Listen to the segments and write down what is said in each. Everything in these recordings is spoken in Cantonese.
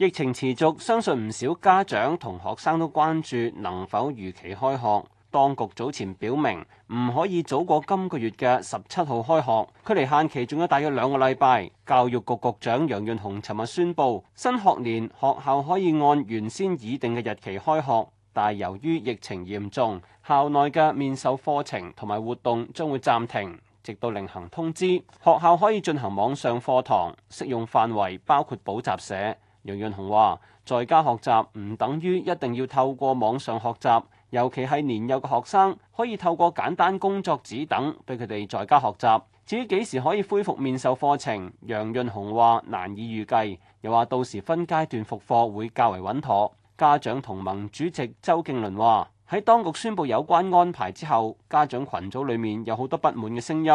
疫情持續，相信唔少家長同學生都關注能否如期開學。當局早前表明唔可以早過今個月嘅十七號開學，距離限期仲有大約兩個禮拜。教育局局長楊潤雄尋日宣布，新學年學校可以按原先擬定嘅日期開學，但係由於疫情嚴重，校內嘅面授課程同埋活動將會暫停，直到另行通知。學校可以進行網上課堂，適用範圍包括補習社。楊潤雄話：在家學習唔等於一定要透過網上學習，尤其係年幼嘅學生，可以透過簡單工作紙等，俾佢哋在家學習。至於幾時可以恢復面授課程，楊潤雄話難以預計，又話到時分階段復課會較為穩妥。家長同盟主席周敬倫話：喺當局宣布有關安排之後，家長群組裏面有好多不滿嘅聲音，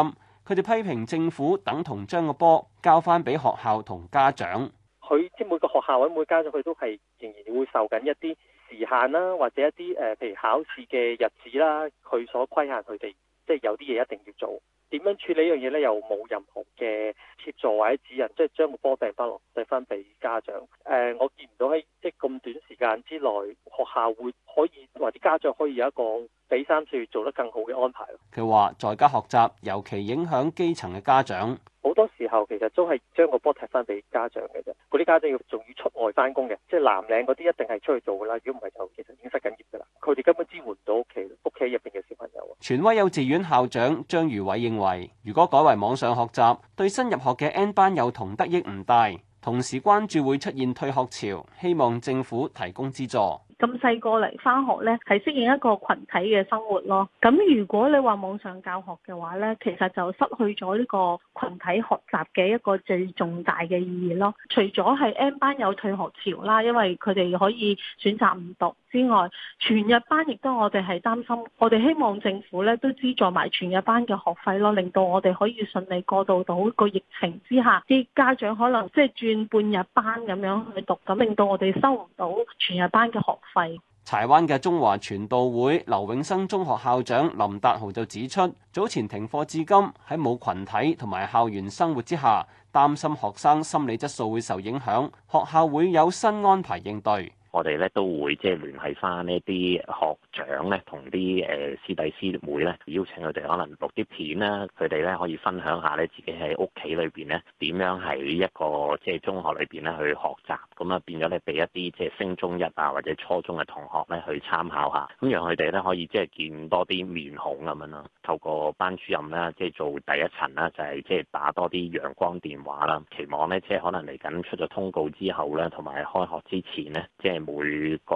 佢哋批評政府等同將個波交翻俾學校同家長。佢即每個學校或者每個家長，佢都係仍然會受緊一啲時限啦，或者一啲誒譬如考試嘅日子啦，佢所規限佢哋，即係有啲嘢一定要做，點樣處理呢樣嘢咧？又冇任何嘅協助或者指引，即係將個波掟翻落掟翻俾家長。誒，我見唔到喺即咁短時間之內學校會可以或者家長可以有一個比三次做得更好嘅安排咯。佢話在家學習尤其影響基層嘅家長。好多時候其實都係將個波 a l l 踢翻俾家長嘅啫，嗰啲家長要仲要出外翻工嘅，即係南嶺嗰啲一定係出去做㗎啦，如果唔係就其實已經失緊業㗎啦，佢哋根本支援唔到屋企，屋企入邊嘅小朋友。全威幼稚園校長張如偉認為，如果改為網上學習，對新入學嘅 N 班幼童得益唔大，同時關注會出現退學潮，希望政府提供資助。咁細個嚟返學呢，係適應一個群體嘅生活咯。咁如果你話網上教學嘅話呢，其實就失去咗呢個群體學習嘅一個最重大嘅意義咯。除咗係 N 班有退學潮啦，因為佢哋可以選擇唔讀之外，全日班亦都我哋係擔心。我哋希望政府呢都資助埋全日班嘅學費咯，令到我哋可以順利過渡到個疫情之下，啲家長可能即係轉半日班咁樣去讀，咁令到我哋收唔到全日班嘅學費。柴灣嘅中華傳道會劉永生中學校長林達豪就指出，早前停課至今，喺冇群體同埋校園生活之下，擔心學生心理質素會受影響，學校會有新安排應對。我哋咧都會即係聯繫返呢啲學長咧，同啲誒師弟師妹咧，邀請佢哋可能錄啲片啦，佢哋咧可以分享下咧自己喺屋企裏邊咧點樣係一個即係中學裏邊咧去學習，咁啊變咗咧俾一啲即係升中一啊或者初中嘅同學咧去參考下，咁讓佢哋咧可以即係見多啲面孔咁樣咯。透過班主任咧，即係做第一層啦，就係即係打多啲陽光電話啦，期望咧即係可能嚟緊出咗通告之後咧，同埋開學之前咧，即係。每個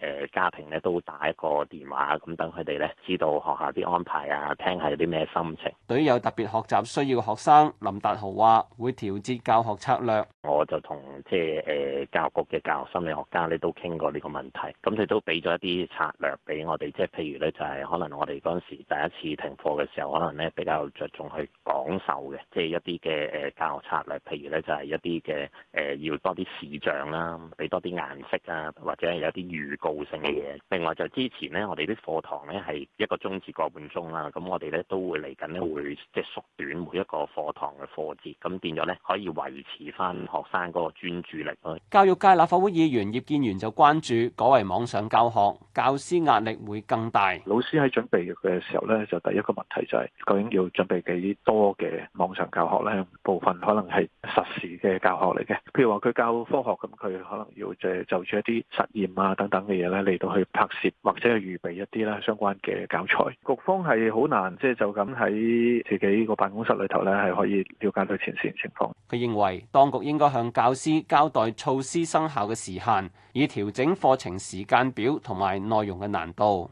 誒家庭咧都打一個電話，咁等佢哋咧知道學校啲安排啊，聽下有啲咩心情。對於有特別學習需要嘅學生，林達豪話會調節教學策略。我就同即係誒教育局嘅教育心理學家咧都傾過呢個問題，咁佢都俾咗一啲策略俾我哋，即係譬如咧就係可能我哋嗰陣時第一次停課嘅時候，可能咧比較着重去。講授嘅，即係一啲嘅誒教學策略，譬如咧就係一啲嘅誒要多啲視像啦，俾多啲顏色啊，或者有啲預告性嘅嘢。另外就之前咧，我哋啲課堂咧係一個鐘至個半鐘啦，咁我哋咧都會嚟緊咧會即係縮短每一個課堂嘅課節，咁變咗咧可以維持翻學生嗰個專注力咯。教育界立法會議員葉建源就關注改為網上教學。教師壓力會更大。老師喺準備嘅時候咧，就第一個問題就係究竟要準備幾多嘅網上教學咧？部分可能係實時嘅教學嚟嘅。譬如話佢教科學咁，佢可能要就住一啲實驗啊等等嘅嘢咧嚟到去拍攝或者係預備一啲咧相關嘅教材。局方係好難即係就咁喺自己個辦公室裏頭咧係可以了解到前綫情況。佢認為當局應該向教師交代措施生效嘅時限，以調整課程時間表同埋內容嘅難度。